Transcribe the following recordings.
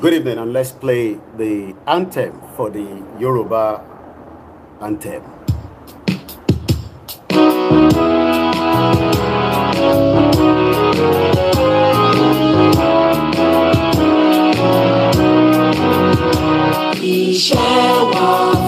Good evening, and let's play the anthem for the Yoruba anthem. shall walk.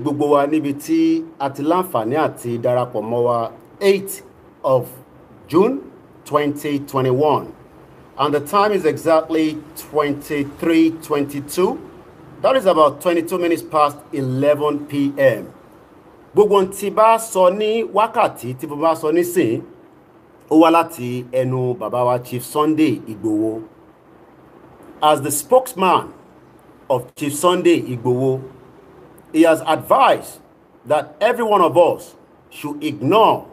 gbogbo wa níbi tí a ti láǹfààní àti darapọ̀ mọ́ wa eight of June 2021, and the time is exactly 23:22 that is about twenty two minutes past eleven pm gbogbo tí bá sọ ní wákàtí tí mo bá sọ nísìn ó wá láti ẹnu bàbá wa Chief Sunday Igboho as the spokesman of Chief Sunday Igboho he has advised that every one of us should ignore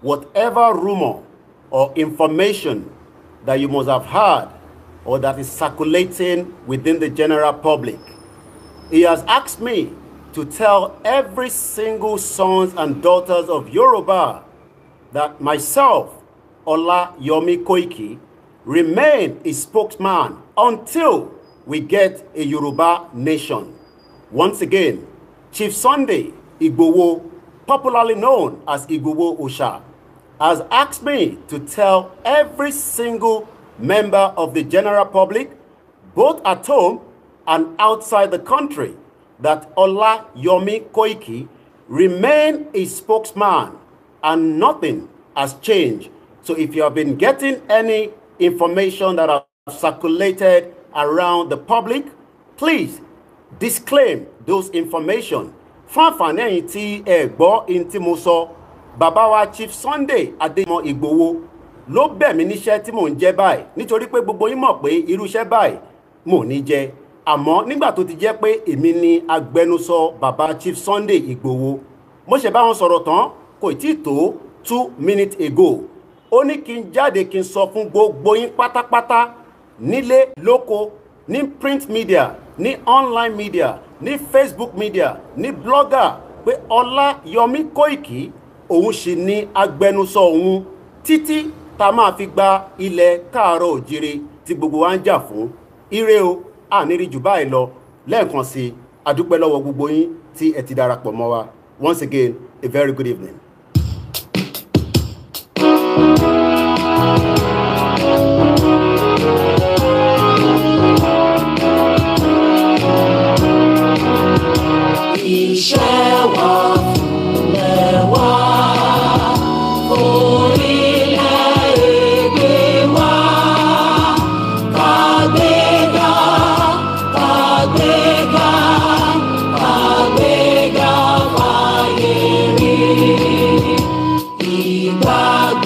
whatever rumor or information that you must have heard or that is circulating within the general public. He has asked me to tell every single sons and daughters of Yoruba that myself, Ola Yomi Koiki, remain a spokesman until we get a Yoruba nation. Once again, Chief Sunday Igbowo, popularly known as Igbowo Usha, has asked me to tell every single member of the general public, both at home and outside the country that Ola Yomi Koiki remain a spokesman and nothing has changed. So if you have been getting any information that are circulated around the public, please disclaim those information. Fún Chief Sunday Adéyẹmọ Ìgbòho ló bẹ̀ mí níṣẹ́ tí mò ń jẹ́ báyìí nítorí pé gbogbo yín mọ̀ pé irú iṣẹ́ báyìí mò ní jẹ́ àmọ́ nígbà tó ti jẹ́ pé èmi ni agbẹnusọ bàbá Chief Sunday Igboho mo ṣe bá wọn sọ̀rọ̀ tán kò tí ì tó two minutes ago ó ní kí n jáde kí n sọ fún gbogbo yín pátápátá nílé lóko ní print media ní online media ní Facebook media ní blogger pé Ọláyọmí Kóìkì òun sì ni agbẹnusọ òun títí tá a máa fi gba ilẹ̀ káàárọ̀ òjire tí gbogbo wa ń jà fún ire o àníri jù báyìí lọ lẹ́ẹ̀kan sí i àdúpẹ́ lọ́wọ́ gbogbo yín tí ẹ ti darapọ̀ mọ́ wa once again a very good evening. Show.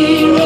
You.